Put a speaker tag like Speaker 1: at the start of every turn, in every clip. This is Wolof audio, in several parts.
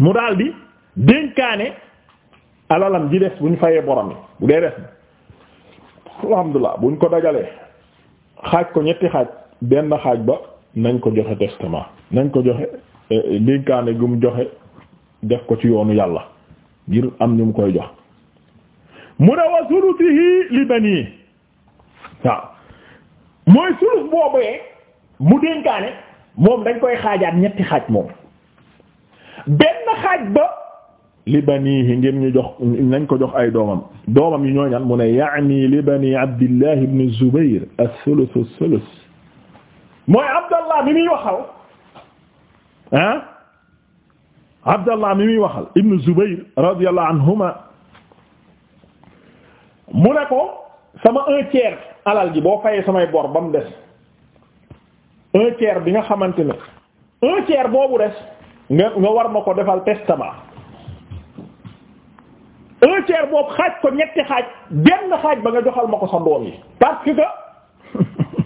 Speaker 1: mu daal bi dénkaane alalam ji des bu ñu fayee borom yi bu dee des na alhamdulilah bu ñu ko dajalee xaaj ko ñetti xaaj benn xaaj ba nañ ko joxe testament nañ ko joxe eh, dénkaane gu mu joxe def ko ci yoonu yàlla ngir am ñu mu koy jox mu ne wa surutihi li banii waaw mooy suruf boobee mu dénkaane moom dañ koy xaajaat ñetti xaaj moom benn xaaj ba li banihi ngir ñu jox nañ ko dox ay doomam doomam yi ñooñan mu ne yaani li bani abdillah ibn zubayr as-sulus as-sulus mooy abdallah bi muy waxal ah abdallah mu ne ko sama un tiers alal ji boo fayee samay bor ba mu des un tiers bi nga xamante ne un boobu des nga nga war ma ko defal testament un tiers boobu xaaj ko ñetti xaaj benn xaaj ba nga joxal ma ko sa doom yi parce que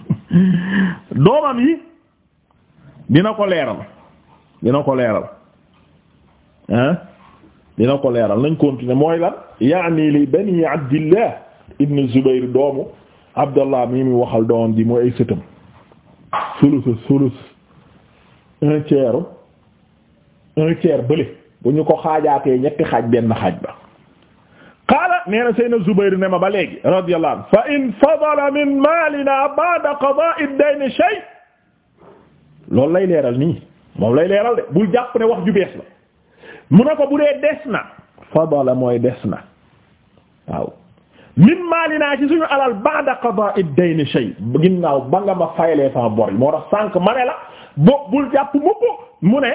Speaker 1: doomam yi dina ko leeral dina ko leeral ah dina ko leeral nañ continuer mooy lan yaani li bani abdillah ibn zubayr doomu abdallah mi mu waxal doomam ji mooy ay sëtam sulus sulus un un tiers bële bu ñu ko xaajaatee ñetti xaaj benn xaaj ba qaala nee na seyna Zubayr ne ma ba léegi radiyallahu anhu fa in fadala min maalina ba'da qada'i ad shay loolu lay leeral nii moom lay leeral de bul jàpp ne wax ju bees la mu ne ko bu dee des na fadala mooy des na waaw min maalinaa ci suñu alal ba'da qada'i ad shay ginnaaw ba nga ma fayalee sama bor yi moo tax sànq ma ne la bo bul jàpp mukk mu ne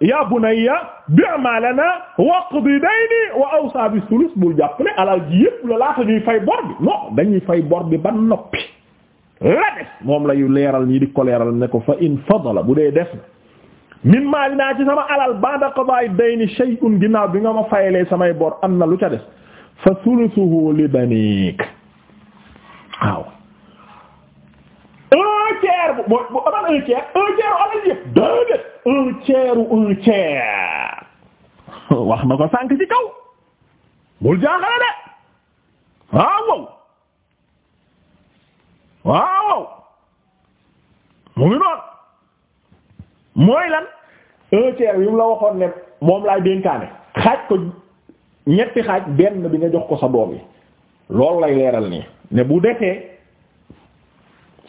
Speaker 1: ya bunayya bi'ma lana waqdi dayni wa awsa bi sulus bul jàpp ne alal ji yëpp la laata ñuy fay bor bi ba noppi la des moom la yu leeral ñi di ko leeral ne ko fa in fadala bu dee des na min maali naa ci sama alal ba'da qada'i dayni shay'un ginnaaw bi nga ma fayalee samay bor am na lu ca des fa sulusuhu li banik waaw tiers bu bu amal un tiers un wax na ko sànq ci kaw bul jaaxale de waaw waaw mu ngi noonu mooy lan un tiers mu la waxoon ne moom laay dénkaane xaaj ko ñetti xaaj benn bi nga jox ko sa doom yi loolu lay leeral nii ne bu defee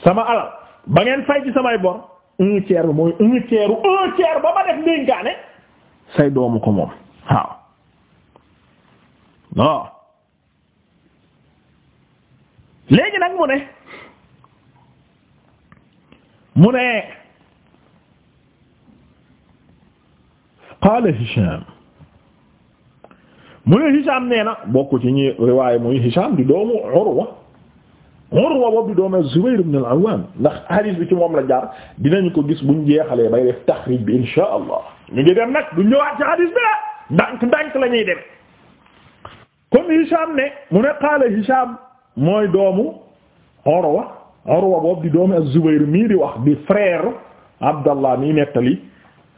Speaker 1: sama alal ba ngeen fay ci samay bor un tiers bi mooy un tiers un tiers ba ma def ndénkaane say doomu ko moom waaw non nag mu ne mu ne qaala Hisham mu ne nee na bokk ci ñi riwaaya muy Hisham di doomu Urwa Urwa boobu doon Zubayr ibn al-Awwam ndax hadith bi ci moom la jaar dinañu ko gis buñ jeexalee bay def taxrij bi insha allah ñu ngi dem nag du ñëwaat ci hadith bi la ndànk ndànk la ñuy dem kon Hisham ne mu ne qaala Hisham mooy doomu Urwa Urwa boobu di doomu az-Zubayr mii di wax di frère Abdallah mii nettali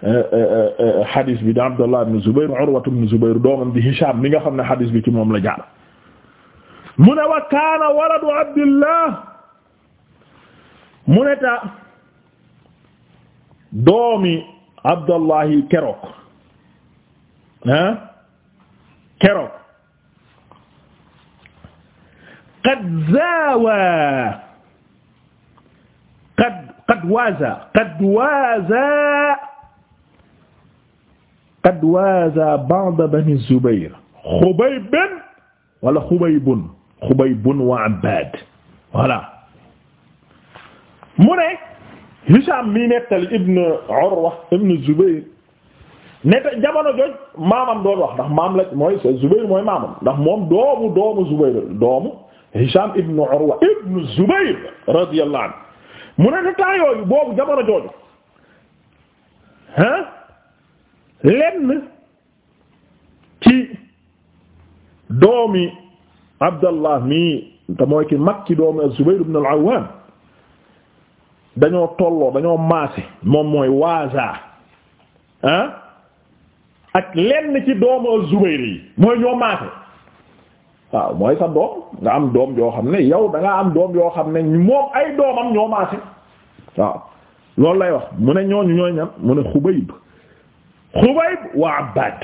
Speaker 1: eh, eh, eh, hadith bi di Abdallah ibn Zubayr Urwa ibn Zubayr doomam di Hisham mi nga xam ne hadith bi ci moom la jaar mu ne wa kaana waladu abdillah mu ne ta doomi abdallahi keroog ah keroog qad zaawa qad qad waaza qad waaza qad waaza ba'da bani zubayr xubaybin wala xubaybun Xubaybun wa Abbaad voilà mu ne Ibn Urwa Ibn Zubayr maamam doomu doomu Zubayr doomu Hisham Ibn Urwa Ibn Zubayr radiyallahu anhu mu ne neta yooyu boobu jamono jooju ah lenn ci doomi Abdallah mii te mooy ki mag ci doomu az-Zubayr ibn al-Awwam dañoo tolloo dañoo maase moom mooy waaza ak lenn ci doomu az-Zubayr yi mooy ñoo maase waaw mooy sa doom nga am doom yoo xam ne yow da am doom yoo xam ne moom ay doomam ñoo maase waaw loolu lay wax mu ne ñooñu ñooy ñam mu ne Xubayb Xubayb wa Abbad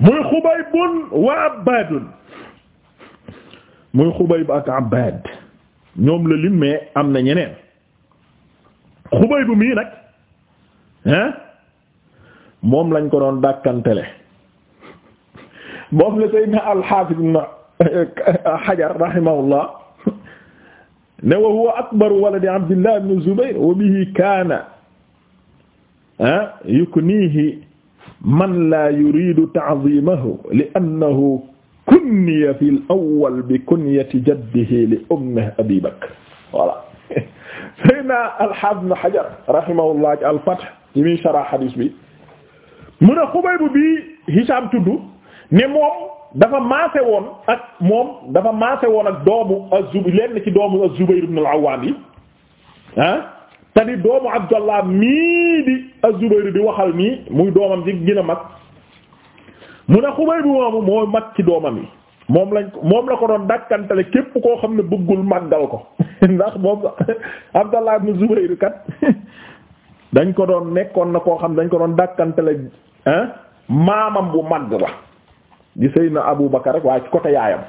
Speaker 1: muy xubaybun wa abbaadun muy xubayb ak abbaad ñoom la lim mais am na ñeneen xubayb mii nag hein moom lañ ko doon dàkkantele moom la sayyidna al-Hafiz ibn Hajar rahimahullah ne wa huwa akbaru waladi Abdillah ibn Zubayr wa bihi kaana yuknihi man laa yuridu ta'zimahu li annahu kunniya fi l awal bi kunyati jaddihi li ummih abi bakr voilà sayna alhaafid ibn hajar rahimahullah ci alfath yi muy sarah hadis bi mu ne Xubayb bi Hisaam tudd ne moom dafa maase woon ak moom dafa maase woon ak doomu az-Zubayr lenn ci doomu az-Zubayr ibn al-Awwaam yi ah te di doomu Abdallah mii di Az-Zubayr di waxal mii muy doomam ji gën a mag mu ne Xubayb bi moomu moo mag ci doomam yi moom lañ ko moom la ko doon dàkkantale képp koo xam ne bëggul màggal ko ndax moom Abdallah kat dañ ko doon nekkoon na koo xam dañ ko doon dàkkantale hein maamam bu mag ba di Seydina Abu Bakar rek waaye ci yaayam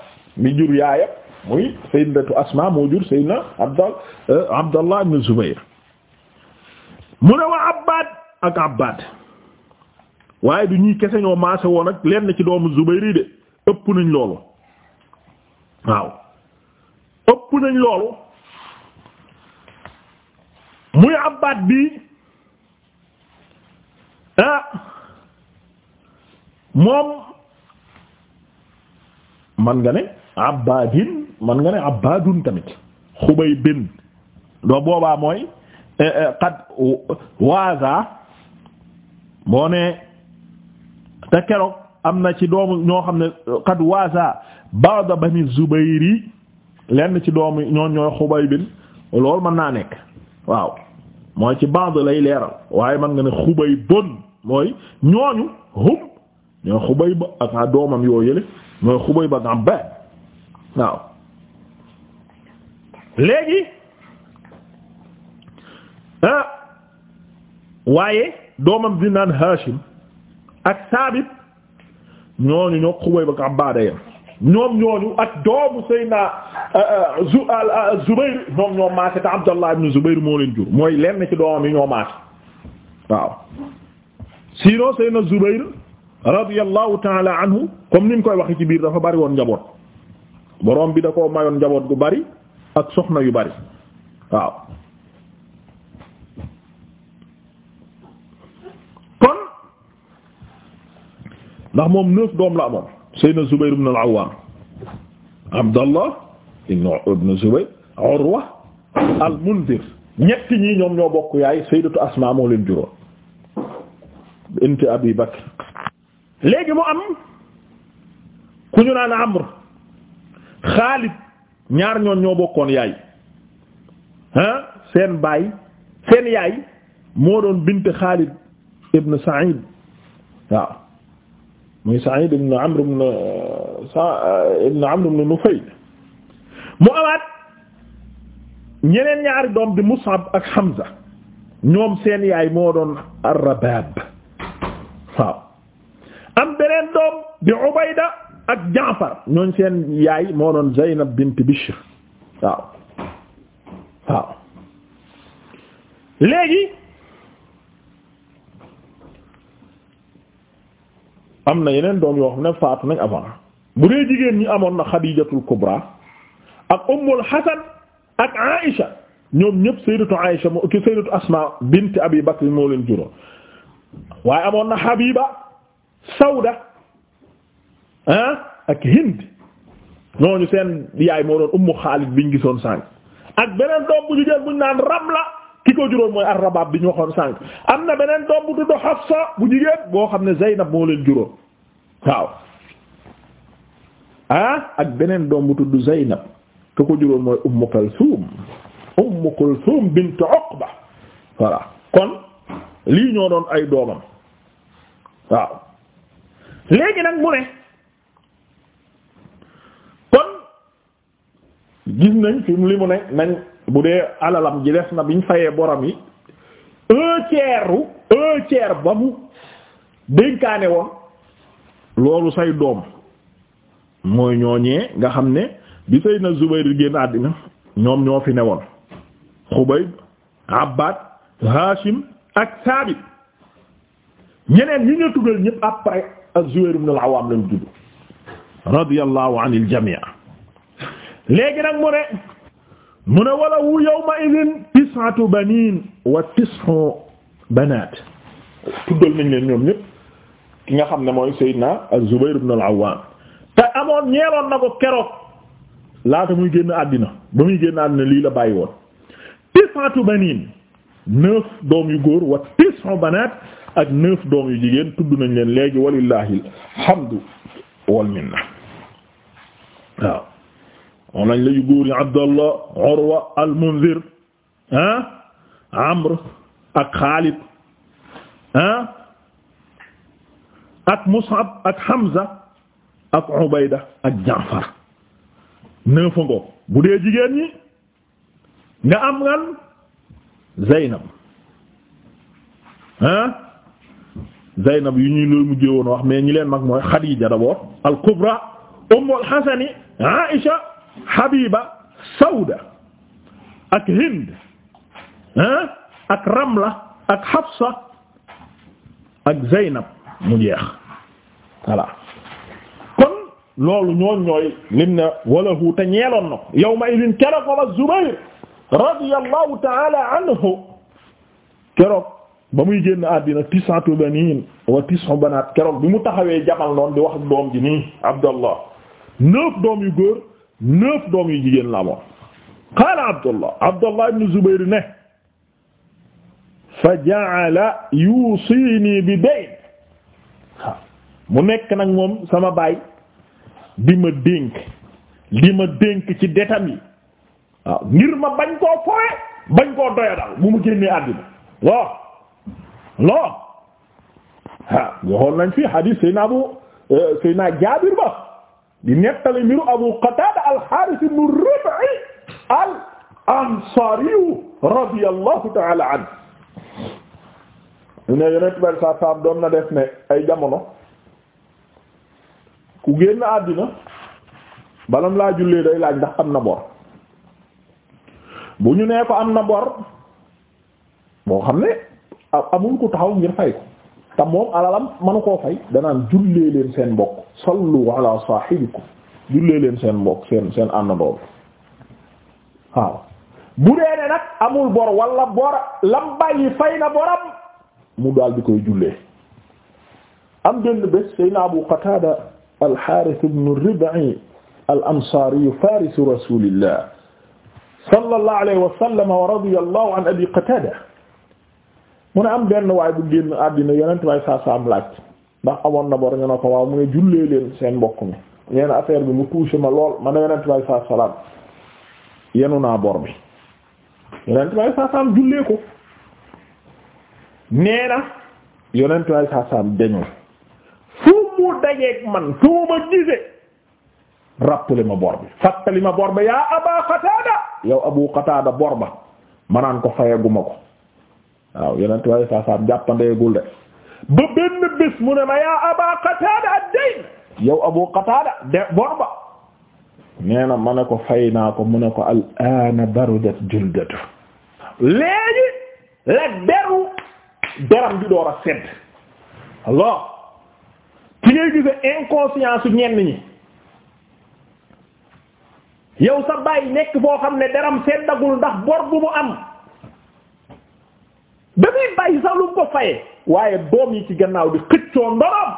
Speaker 1: mi jur yaayam muy Sayyidatu Asma moo jur Seydina Abdal euh, Abdallah ibn Zubayr mu ne wa Abbad ak Abbad waaye du ñuy kese ñoo maase woon ak lenn ci doomu Zubayri de ëpp nañ loolu waaw ëpp nañ loolu muy Abbad bi ah moom man nga ne Abbadin man nga ne Abbadun tamit xubay bin doo boobaa mooy Eh, eh, qad waaza moo ne te keroog am na ci doomu ñoo xam ne qad waaza ba'da bani zubayri lenn ci doomu ñoon ñooy xubay bin loolu mën naa nekk waaw mooy ci ba'd lay leeral waaye man nga ne xubay bon mooy ñooñu hum xubay ba ak doomam yoo yële mooy xubay ba ak am waaw léegi ah waaye doomam di naan Hashim ak Saabit ñooñu ñoo Xubayb ba Abbaada yam ñoom ñooñu ak doomu Seydina euh, euh, zu euh, Zubayr ñoom ñoo maase te Abdallah ibn Zubayr moo leen jur mooy lenn ci doomam yi ñoo maase waaw sinon Seydina Zubayr radiyallahu taala anhu comme nin koy waxee ci biir dafa bari woon njaboot borom bi da koo mayoon njaboot gu bari ak soxna yu bari waaw ndax moom neuf doom la amoon Seydina Zubayr ibn al-Awwam Abdallah ibn Zubayr Urwa al-Mundhir ñetti ñii ñoom ñoo bokk yaay Sayyidatu Asma leen juróom bint Abi Bakr léegi mu am ku ñu naan Amr Xaalid ñaar ñoon ñoo bokkoon yaay ah seen baay seen yaay moo doon bint Xaalid ibn Sa'id waaw muy Sa'id ibn Amr ibn euh, euh, ibn Amr ibn Nufayl mu amaat ñeneen ñaari doom di Mus'ab ak Hamza ñoom seen yaay moo doon Ar-Rabaab waaw am beneen doom di Ubayda ak Jaafar ñooñ seen yaay moo doon Zaynab bint Bishr waaw waaw léegi am na yeneen doom yoo xam faatu nañ avant bu dee jigéen ñi amoon na Xadijatul Kubra ak Ummul Hasan ak Aïcha ñoom ñëpp sayyidatu Aïcha moo ki sayyidatu Asma bint Abi Bakr moo leen juróom waaye amoon na Habiba Sawda ah, ak Hind ñooñu seen yaay moo doon Ummu Xaalid biñ gisoon sànq ak beneen doom bu jigéen buñ naan Ramla ki ko juróon mooy ar bi ñu waxoon sànq am na beneen doom bu tudd Hafsa bu jigéen boo xam ne Zaynab moo leen juróon waaw ah ak beneen doom bu tudd Zaynab ki ko juróon mooy Ummu Kulthum Ummu Kulthum bint Uqba voilà kon lii ñoo doon ay doomam waaw léegi nag mu ne kon gis nañ fi li mu ne nañ bu dee alalam ji des na biñ fayee borom yi un tiers u ba mu dénkaane woon loolu say doom mooy ñooñee nga xam ne bi Seydina Zubayr génn àddina ñoom ñoo fi newoon Xubayb Abbad Hashim ak Saabit ñeneen ñi ñu tuddal ñëpp après az-Zubayr ibn al-Awwam lañu tudd radiyallahu anil jamii léegi nag mu ne mu ne wala wu yawma idin tis'atu banin wa tis'u banat tuddal nañ leen ñoom ñépp ki nga xam ne mooy Seydina az-Zubayr ibn al-Awwam te amoon ñeeloon na ko keroog laata muy génn àddina ba muy génn àddina lii la bàyyi woon tis'atu banin neuf doom yu góor wa tis'u banat ak neuf doom yu jigéen tudd nañ leen léegi walillahi alhamdu wal minna waaw moom lañ la yu góor yi Abdallah Urwa al-Munzir ah Amr ak Xaalid ah ak Mus'ab ak Hamza ak Ubayda ak Jaafar neuf ngo bu dee jigéen ñi nga am ngan Zeynab ah Zeynab yu ñuy looy mujjee woon wax mais ñi leen mag mooy Xadiija d'abord al-Kubra Umm al-Hasan Aisha Habiba Sawda ak Hind ah ak Ramla ak Hafsa ak Zeynab mu jeex voilà kon loolu ñooñ ñooy lim na walahu te ñeeloon na ko yawma idin keroog baba Zubayr radiyallahu ta'ala anhu keroog ba muy génn àddina tis'atu banin wa tis'u banat keroog bi mu taxawee jamal noon di wax doom ji nii Abdallah neuf doom yu góor neuf doom yu jigéen la amoon qaala abdullah abdullah ibn zubayr ne fa ja'ala yuusini bi dayn mu nekk nag moom sama baay di ma dénk di ma dénk ci detam yi waaw ngir ma bañ koo fowe bañ koo doyadal bu mu génnee àddina loo loo ha waxoon nañ fi hadith sayna abu eh, sayna jaabir ba di nettali mbiru Abu Qatada al-Harith ibn Rib'i al-Ansari radiyallahu ta'ala anhu ne yonent bari saa saam doon na def ne ay jamono ku génn àddina balam laa jullee day laaj ndax am na bor bu ñu nee ko am na bor moo xam ne amul ku taxaw ngir fay ko te moom alalam manu koo fay danaan jullee leen seen mbokk sallu ala sahibikum jullee leen seen mbokk seen seen àndandoo waaw bu dee ne nag amul bor wala bor lam bàyyi fay na boram mu daal di koy jullee am benn bés sayna Abu Qatada al-Harith ibn Rib'i al-Ansari faris rasulillah sallallahu alayhi wa sallam wa radiyallahu an Abi Qatada mu ne am benn waay bu génn àddina yonent waay laaj ndax amoon na bor ñu ko waaw mu ne jullee leen seen mbokk mi ñeen affaire bi mu touché ma lool ma ne yonent waay jullee ko nee na yonent waay saa fu mu dajeeg man fu ma gisee rappelé ma bor bi fàttali ma bor ba yaa Aba Qatada yow Abu Qatada bor ba ma ko fayaguma ko. waaw yeneen tubaab yi saa jàppandeegul de ba benn bés mu ne ma yaa Aba Qatada ad-dayn yow Abu Qatada de bor ba ma ne ko fay naa ko mu ne ko al-aana barudat juldatu léegi la deru deram bi door a sedd alors ci ngay gise inconscience su ñenn ñi yow sa bàyyi nekk foo xam ne deram seddagul ndax bor mu am. dafay bàyyi sax lu mu ko fayee waaye doom yi ci gannaaw di xëccoo ndorom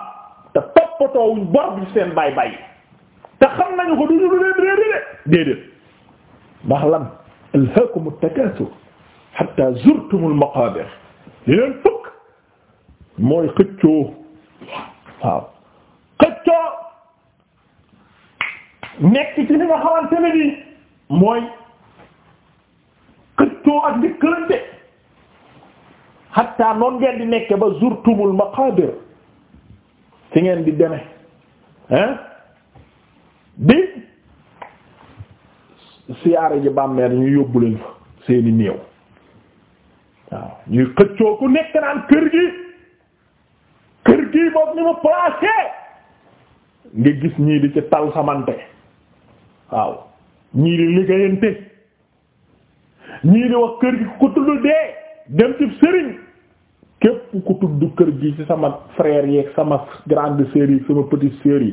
Speaker 1: te toppatoowuñ bor bi seen bay bay te xam nañu ko du ñu leen réeré déedéet ndax lan alhaakumu takaasur hatta zurtumul maqaabir li leen fukk mooy xëccoo waaw xëccoo nekk ci li nga xamante ne nii mooy xëccoo ak di këlante hatta noon ngeen di nekk ba zurtumul maqabir fi ngeen di deme hein bi siyaare ji bàmmeel ñu yóbbu leen seeni néew waaw ñuy xëccoo ku nekk naan kër gi kër gi boobu ni mu placé nga gis ñii di ci tal samante waaw ñii di liggéeyante ñii di wax kër gi ku tudd dee dem ci sëriñ képp ku tudd kër gi ci sama frère yeeg sama grande sœur yi sama petite sœur yi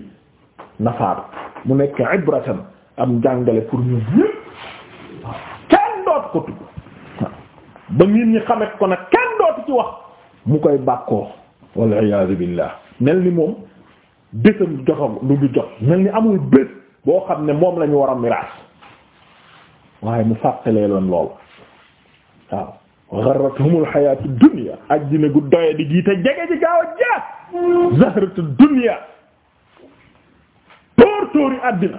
Speaker 1: nafaatu mu nekk ibratan am jàngale pour ñun ñëpp waaw kenn dootu ko tudd ba nit ñi xamet ko nag kenn dootu ci wax mu koy bàkkoo wal iyaazu billah mel ni moom bésam joxam du jot mel ni amul bés boo xam ne moom lañu war a miraas waaye mu fàttalee loon lool waaw gharratuhumul hayaatu dunya àddina gii te jege ji gaaw a jeex zahratu dunya tóor tóori àddina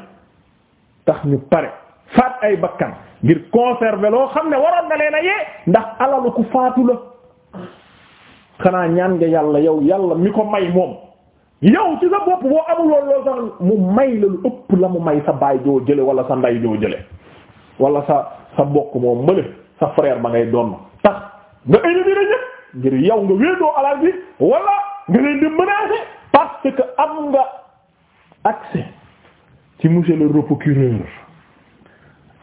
Speaker 1: tax ñu pare faat ay bakkan ngir conserver loo xam ne waroon na leen a yee ndax alalu ku faatu la xanaa ñaan nga yàlla yow yàlla mi ko may moom yow ci sa bopp boo amuloon loolu sax mu may la lu ëpp la mu may sa baay joo jële wala sa nday joo jële wala sa sa mbokk moom mële sa frère ba ngay doon nga éliminer ñëpp ngir yow nga wéetoo alal bi wala nga leen di menacer parce que am nga accès ci monsieur le procureur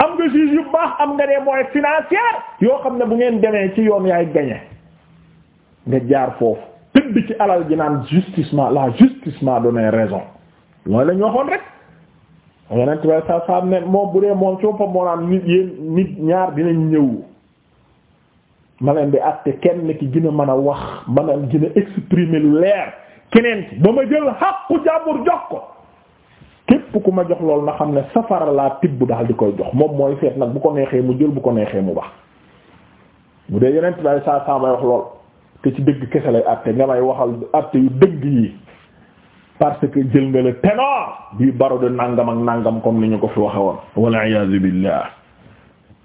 Speaker 1: am nga juge yu baax am nga des moyens financiers yoo xam ne bu ngeen demee ci yoon yaay gagner nga jaar foofu tëdd ci alal ji naan justice la justice m'a donné raison loolu la ñu waxoon rek yonent way sa sam ne moom bu dee moom soo fa moo naan nit yéen nit ñaar ñëw ma leen di àtte kenn ki gën a mën a wax mën a gën a exprimer leer keneen ki ba ma jël xàqu jàmbur jox ko képp ku ma jox lool na xam ne safara laa tibb daal di koy jox moom mooy seet nag bu ko neexee mu jël bu ko neexee mu bax mu dee yeneen tubaab saa saa may wax lool te ci dëgg kese lay àtte nga may waxal àtte yu dëgg yi parce que jël nga le ténor bii baro de nangam ak nangam comme ni ñu ko fi waxe woon. wal iyaazu billaah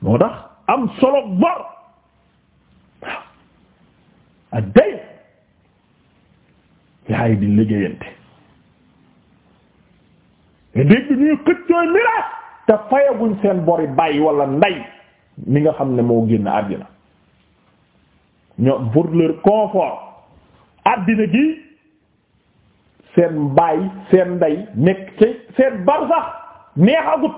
Speaker 1: moo tax am solo bor. ak day yaay di liggéeyante nga dégg ñuy xëccooy miraas te fayaguñ seen bori bàyyi wala nday mi nga xam ne moo génn àddina ñoo pour leur confort àddina gi seen baay seen nday nekk ci seen bar sax neexagut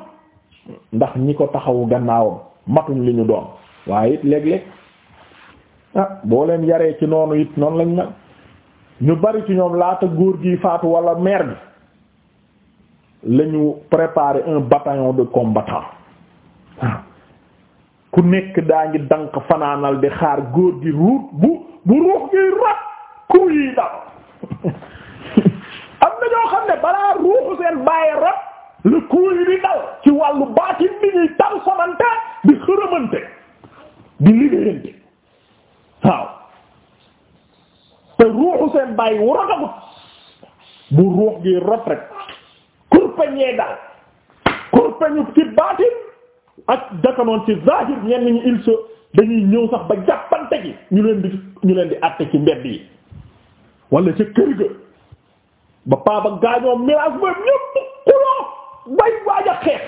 Speaker 1: ndax ñi ko taxawu gannaawam matuñ li ñu doon waaye it léeg ah boo leen yaree ci noonu it noon lañ mel ñu bari ci ñoom laata góor gi faatu wala meer bi la ñu préparer un bataillon de combattants waaw ah. ku nekk daa dank fanaanal di xaar góor gi ruut bu bu ruux gi rat ku yi dal am na ñoo xam ne balaa ruuxu seen bàyyi rat le coup yi di dal ci wàllu baatin bi ñuy tal somante di xërëmante di liggéeyante waaw te ruuxu seen bàyyi wu rotagut bu ruux gi rot rek kurpeñee daal kurpeñu ci baatin ak dakanoon ci zahir ñenn ñi il se dañuy ñëw sax ba jàppante gi ñu leen di ñu leen di àtte ci mbedd yi wala ca kër ga ba paa gaañoo mirage ba ñëpp xuloo bay waaj xeex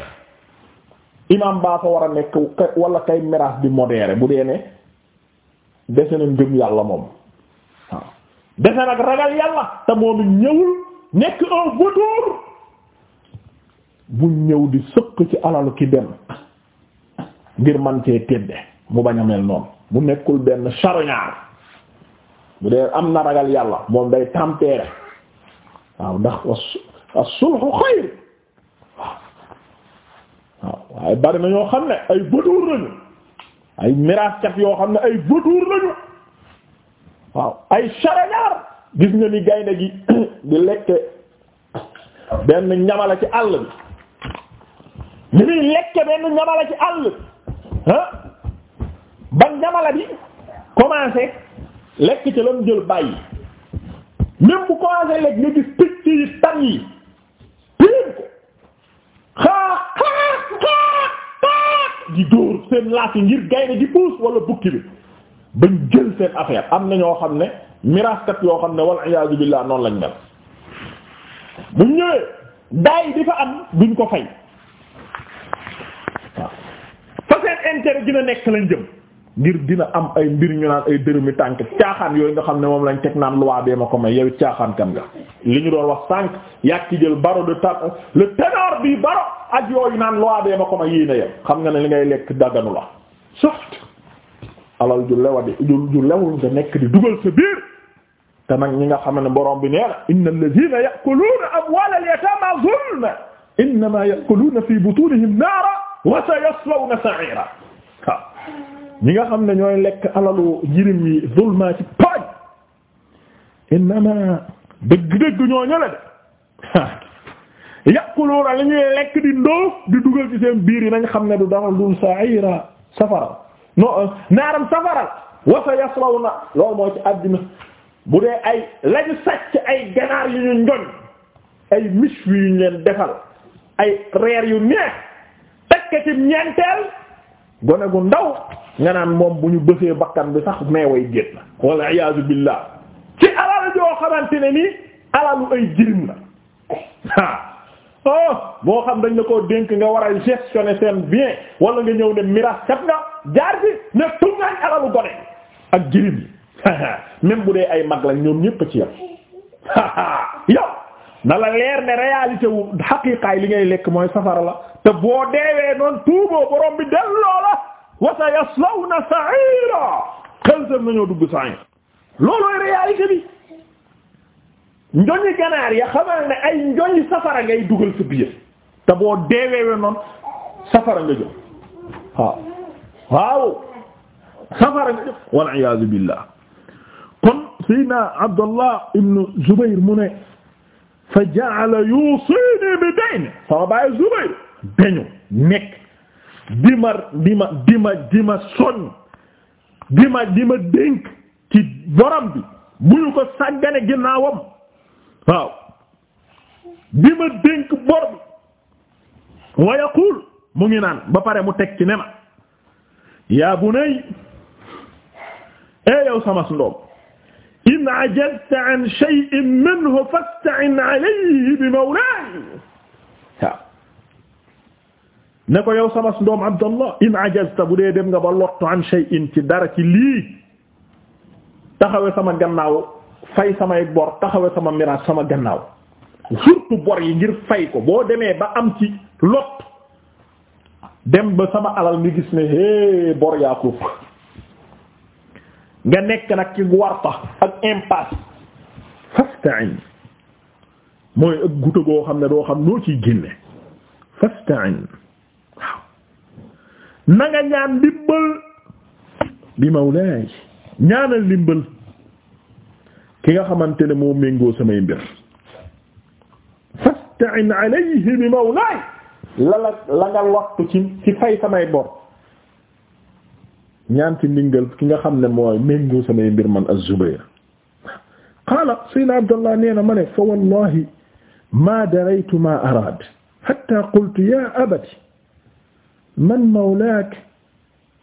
Speaker 1: imam baa fa war a nekk wala kay mirage bi modéré bu dee ne dese na ngëm yàlla moom waaw dese nag ragal yàlla te moom it ñëwul nekk un vautour bu ñëw di sëq ci alalu ki dem ngir man cee tedde mu bañ a mel noonu mu nekkul benn charognard bu dee am na ragal yàlla moom day tempérer waaw ndax was sulhu xayr waaw waaw waaye bari na ñoo xam ne ay vautour lañu ay miraaskat yoo xam ne ay vautours lañu waaw ay charognards gis nga ni gaynde gi di lekk benn ñamala ci àll bi ni muy lekk benn ñamala ci àll bi ah ba ñamala bi commencé lekk ci la mu jël bàyyi même bu commencé lekk nga gis picc yi tan yi piim ko xaa di dóor seen laaf yi ngir gaynde di puus wala bukki bi bañ jël seen affaire am na ñoo xam ne miraaskat yoo xam ne wal iyaazu billaah noonu lañ mel bu ñëwee daay di fa am duñ ko fay fa seen intérêt dina nekk lañ jëm ngir dina am ay mbir ñu naan ay dërëmi tànk caaxaan yooyu nga xam ne moom lañ teg naan loi bee ma ko may yow caaxaan kan nga li ñu doon wax sànq yàq ci jël baro de ta le ténor bi baro ak yooyu naan loi bee ma ko ma yéene yam xam nga ne li ngay lekk dagganu la soft alal ju lewa di ju lewul nga nekk di dugal sa biir te nag ñi nga xam ne borom bi nee na inna alladhina ya'kuluna amwala al-yatama zulma innama ya'kuluna fi butunihim naara wa sayaslawna sa'ira waaw ñi nga xam ne ñooy lekk alalu jirim yi zulma ci paaj innama dëgg-dëgg ñoo ñële de yàquluuna li ñuy lekk di ndóof di dugal ci seen biir yi nañ xam ne du dara dul sa'ira safara no euh, naaram safara wa sa loolu moo ci àddina bu dee ay lañu sàcc ay ganaar yu ñu njoñ ay miche yu ñu leen defal ay reer yu neex tekk ci ñeenteel gone gu ndaw nga naan moom bu ñu bësee bakkan bi sax meeway géet na walla iyaazu billaah ci alal joo xamante nii alalu ay jirim la ah boo xam dañ la koo dénk nga war a gestionner seen bien wala nga ñëw ne miraas kat nga jaar ci ne tuŋaañ alalu gone ak jirim yi même bu dee ay mag lañ ñoom a ci yow yow na la leer ne réalité wu xaqiiqaay li ngay lekk mooy safara la te boo deewee noonu tuuboo borom bi delloo la wa sayaslawna sa'ira xel seen nañoo dugg saa loolooy réalité bi njoñi ganaar ya xamal ay njoñi safara ngay dugal sa biir te boo deeweewe noonu safara nga jëm waaw waaw safara nga jëm wal iyaazu billah kon sayyidina Abdullah ibn Zubayr mu ne fa ja'ala yusiini bi dayn sama baay Zubayr nekk di ma di ma di ma di ma soñ di ma ko ginnaawam waaw bi ma dénk bor bi wa yaqul mu ngi naan ba pare mu teg ci ne ma yaa bunay ee eh yow sama ndoom in ajazta an shay'in minhu fasta'in alayhi bi mawlaahi waaw ne ko yow sama ndoom abdallah in ajazta bu dee dem nga ba lottu an shay'in ci dara ci lii taxawe sama gannaaw fay samay bor taxawe sama miraas sama gannaaw surtout bor yi ngir fay ko boo demee ba am ci lot dem ba sama alal ngi gis ne hé bor yaa ko nga nekk nag ci warta ak impasse fasta'in mooy ak guta goo xam ne doo xam noo ciy génne fasta'in waaw na nga ñaan ndimbal bi mawlaay ñaanal ndimbal ki nga xamante ne moo méngoo samay mbir fasta'in alayhi bi mawlaay la la la nga waxtu ci ci fay samay bor ñaan ci ndingal ki nga xam ne mooy méngoo samay mbir man az-Zubayr qaala sayna Abdallah nee na ma ne fa wallahi ma daraytu ma araad hatta qultu ya abati man mawlaak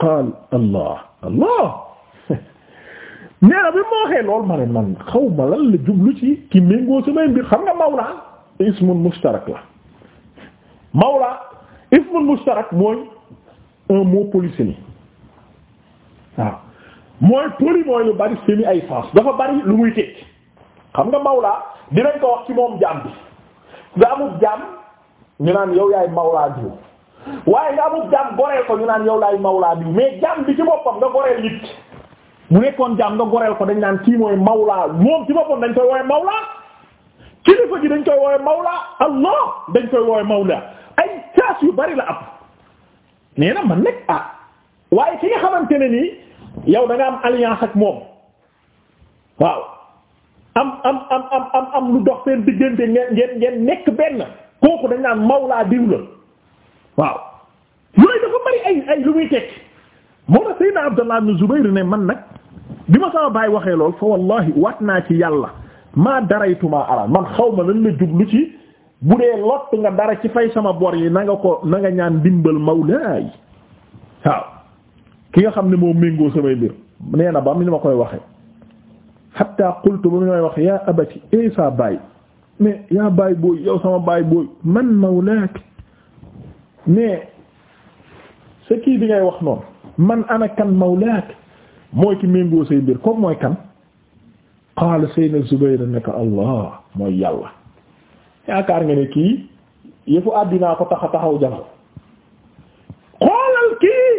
Speaker 1: qaal allah allah nee na bi ma waxee loolu ma ne man xaw ma lan la jublu ci ki méngoo samay mbir xam nga mawla ismun mustarak la mawla ismun mustarak mooy un mot polysémique waaw mooy poly mooy lu bari sémi ay sens dafa bari lu muy tekki xam nga mawla dinañ ko wax ci moom jaam bi nga amut jaam ñu naan yow yaay mawla diw waaye nga amut jaam goreel ko ñu naan yow laay mawla diw mais jaam bi ci boppam nga goreel nit mu nekkoon jaam nga goreel ko dañ naan kii mooy mawlaa moom ci boppam dañ koy woowe mawlaa kilifa ji dañ koy woowe mawlaa allah dañ koy woowe mawlaa ay caas yu bari la ab nee na nekk nag ah waaye ki nga xamante ne nii yow da am alliance ak moom waaw am am am am am am lu dox seen diggante ngeen ngeen ngeen nekk benn kooku dañ naan mawlaa diw la waaw yooyu dafa bari ay ay lu muy tekk moo na Seydina Abdallah ibn Zubayr ne man nag bi ma sama baay waxee lool fa wallahi wat naa ci yàlla maa daraytumaa aran man xaw ma lan la jublu ci bu dee lott nga dara ci fay sama bor yi nanga ko nanga ñaan dimbal mawlaay waaw ki nga xam ne moo méngoo samay mbir nee na ba mu ni ma koy waxee hatta qultu ba mu may wax yaa abati e eh saa baay mais yaa baay booy yow sama baay booy man mawlaak mais sa kii bi ngay wax noonu man ana kan mawlaak mooy ki méngoo say mbir comme mooy kan qaala sayna Zubayr ne allah mooy yàlla yaakaar nga ne kii yëfu àddinaa ko taxa taxaw jamal xoolal kii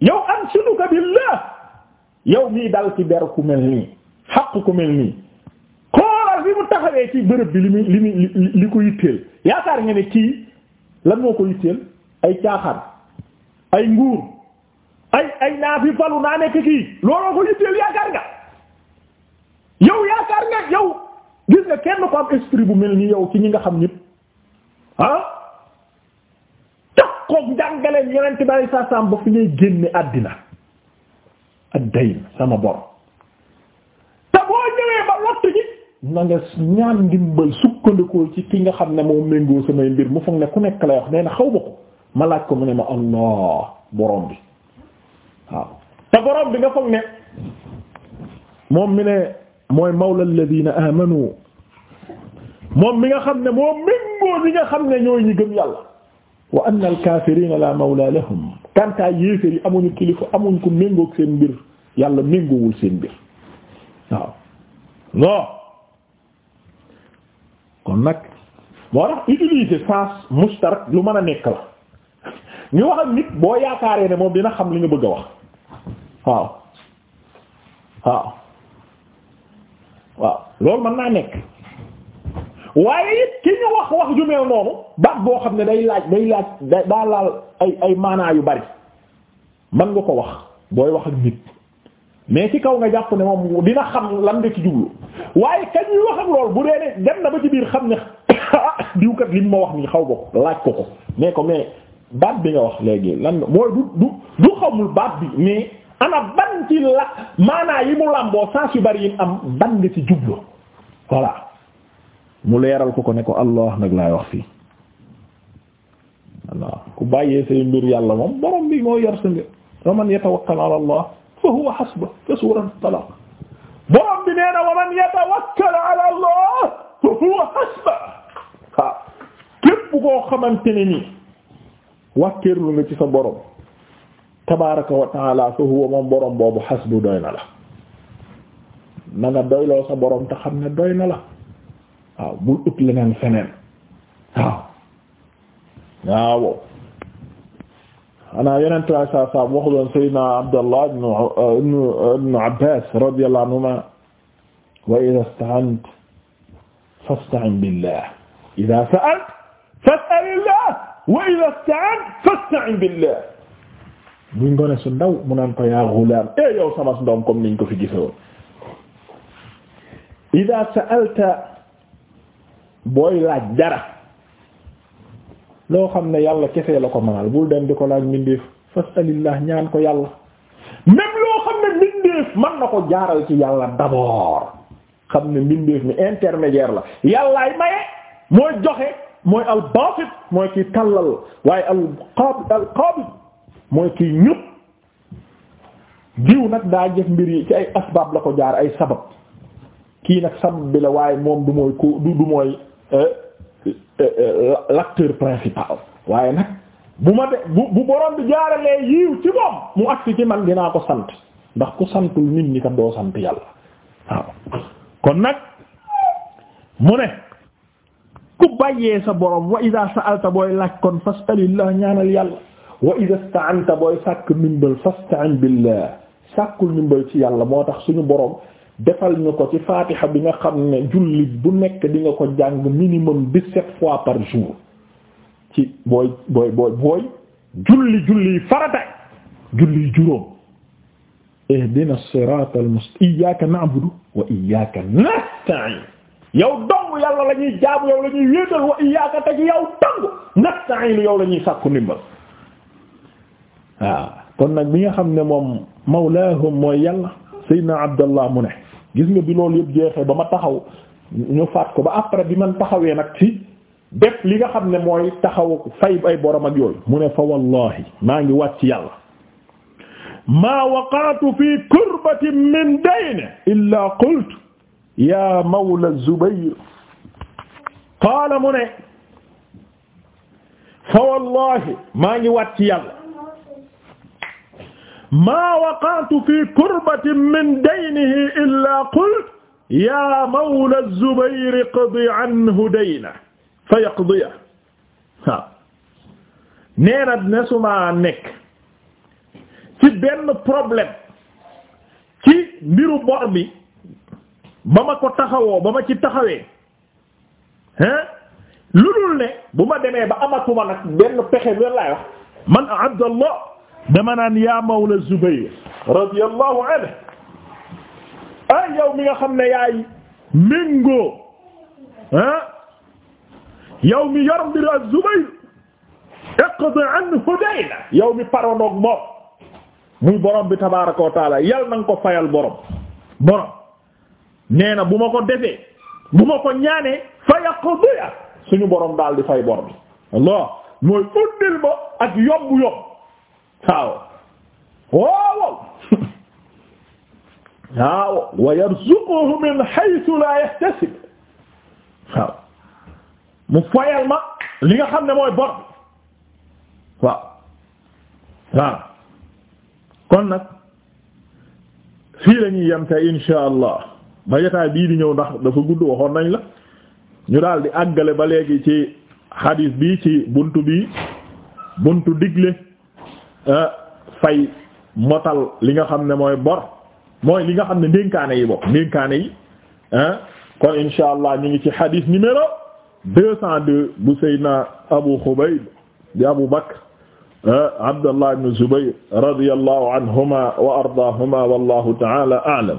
Speaker 1: yow ansiduka billah yow mii dal ci ber ku mel nii xaq ku mel nii xoolal bi mu taxawee ci bërëb bi li muy li muy li ko yitteel yaakaar nga ne kii lan moo ko yitteel ay caaxaan ay nguur ay ay naa fi falu naa nekk kii looloo ko yitteel yaakaar nga yow yaakaar nga yow gis nga kenn ko am esprit bu mel ni yow ci ñi nga xam ñëpp ah takkook njàngaleen yonent àddina ak dayn sama bor te boo ñëwee ba nga sukkandikoo ci ki nga xam ne moo méngoo samay mbir mu foog ne ku nekk lay wax nee na xaw ma ko ma laaj ko mu ne ma allah borom bi waaw te bi nga foog ne moom mi ne mooy mawla alladhina amanu moom mi nga xam ne moo nga xam ne ñooy ñi gëm yàlla wa anna alkafirina la mawla lahum kantaa yéeféer yi amuñu kilifa amuñ ko méngoog seen mbir yàlla méngoowul seen mbir waaw non kon nag moo tax utiliser mustarak lu mën a nekk la ñu wax ak nit boo yaakaaree ne moom dina xam li nga bëgg a wax waaw waaw waaw loolu mën naa nekk waaye it ki ñu wax wax ju mel noonu boo xam ne day laaj day laaj daa ay ay maanaa yu bari mën nga ko wax booy wax ak nit mais ci kaw nga jàpp ne moom dina xam lan nga ci jublu waaye kañ ñuy wax ak lool bu dee ne dem na ba ci biir xam ne diwkat li mu ma wax nii xaw ba laaj ko ko mais ko mais baat bi nga wax léegi lan mooy du du du xamul baat bi mais ana ban ci la maanaa yi mu làmboo sens yu bari yi am ban nga ci jublu voilà mu leeral ko ko ne ko allah nag laay wax fii waaw ku bàyyee say mbir yàlla moom borom bi moo yor sa mbir wa man yatawakkal ala allah fa huwa hasbuh ca suurat talaq borom bi nee na wa man yatawakkal ala allah fa huwa hasbuh waaw képp koo xamante ne nii wàkkeerlu nga ci sa borom tabaraka wa taala fa huwa moom borom boobu xasbu doy na la na nga doyloo sa borom te xam ne doy na la waaw bul ut leneen feneen waaw waaw xanaa yeneen trois saa saa waxu doon Seydina Abdallah ibn ibn Abbas radiyallahu anhuma wa idha ista'anta fasta'in billah idha sa'alta fas'alillah wa idha sta'an fasta'in billah muy ngone su ndaw mu naan ko yaa ghulam e yow sama su ndoom comme niñ ko fi gisewoon idha sa'alta booy laaj dara loo xam ne yàlla kese la ko mënal bul dem di ko laaj mbindeef fas'alillah ñaan ko yàlla même loo xam ne mbindeef mën na ko jaaral ci yàlla d'abord xam ne mbindeef mi intermédiaire la yàllaay maye mooy joxe mooy al-basit mooy ki tallal waaye al-qabid al-qabid mooy ki ñëpp diw nag daa jëf mbir yi ci ay asbaab la ko jaar ay sabab kii nag sabab bi la waaye moom du mooy ku du du mooy euh, euh, euh, l'acteur principal waaye nag bu ma de bu bu borom bi jaaralee yiiw ci moom mu agsi ci man dinaa ko sant ndax ku santul nit ñi kat doo sant yàlla waaw kon nag mu ne ku bàyyee sa borom wa ida sa'alta booy laaj kon fas'alillah ñaanal yàlla wa ida sta'anta booy sàkk ndimbal fasta'in billah sàkkul ndimbal ci yàlla moo tax suñu boroom defal ñu ko ci faatiha bi nga xam ne jullit bu nekk di ko jàng minimum dix-sept fois par jour ci booy booy booy booy julli julli farata julli juróom ihdina siratal mustaqim iyyaka na'budu wa iyyaka nasta'in yow dong yàlla la ñuy jaabu yow la ñuy wéetal wa iyyaka teg yow dong nasta'inu yow la ñuy sàkku ndimbal waaw kon nag bi nga xam ne moom mawlaahum mooy yàlla sayyidina abdallah mu ne gis nga bi loolu yëpp jeexee ba ma taxaw ñu faat ko ba après bi man taxawee nag ci def li nga xam ne mooy taxaw fay ay borom ak yooyu mu ne fa wallahi maa ngi wàcc yàlla maa waqaatu fi kurbatin min dayn illa qultu yaa mawla Zubayr qaala mu ne fa wallahi maa ngi waat ci yàlla maa waqa'tu fi kurbatin min daynihi illaa qultu yaa mawla Zubayr iqdi anhu daynahu fa yaqdiyahu waaw nee na ne su ma nekk ci benn problème ci mbiru bor bi ba ma ko taxawoo ba ma ci taxawee hein lu dul ne bu ma demee ba amatuma nag benn pexe bi laay wax man abdallah dama naan yaa mawla zubayr radiyallahu anhu ay ah, yow mi nga xam ne yaay méngoo ah yow mi yor mbir ak zubayr iqdi anhu dayna yow mi paronoog moom muy borom bi tabaaraka wa taala yal na ko fayal borom borom nee na bu ma ko defee bu ma ko ñaanee fa yaqdiya suñu borom daal di fay bor bi Allah mooy uddil ba ak yobbu yobb waaw waaw waaw wa yarzuquhu min haythu la yahtasib waaw mu fayal ma li nga xam ne mooy bor bi waaw waaw nag fii lañuy yem tey insha Allah ba bii di ñëw ndax dafa gudd waxoon nañ la ñu daal di àggale ba léegi ci xadiis bi ci buntu bi buntu digle euh, fay motal li nga xam ne mooy bor mooy li nga xam ne ndénkaane yi bokk ndénkaane yi kon insha allah ñu ngi ci xadiis numéro deux cent deux bu Seydina Abu Xubayb di Abu Bakr euh, Abdallah ibn Zubayr radiyallahu anhuma wa ardaahuma wallahu ta'ala a'lam